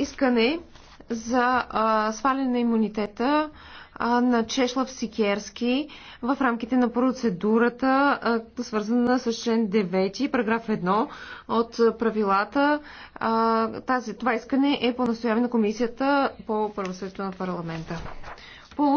искане за а, сваляне на имунитета а, на Чешлав Сикерски в рамките на процедурата, а, свързана с член 9, параграф 1 от правилата. А, тази, това искане е по настояване на Комисията по правосъдието на парламента.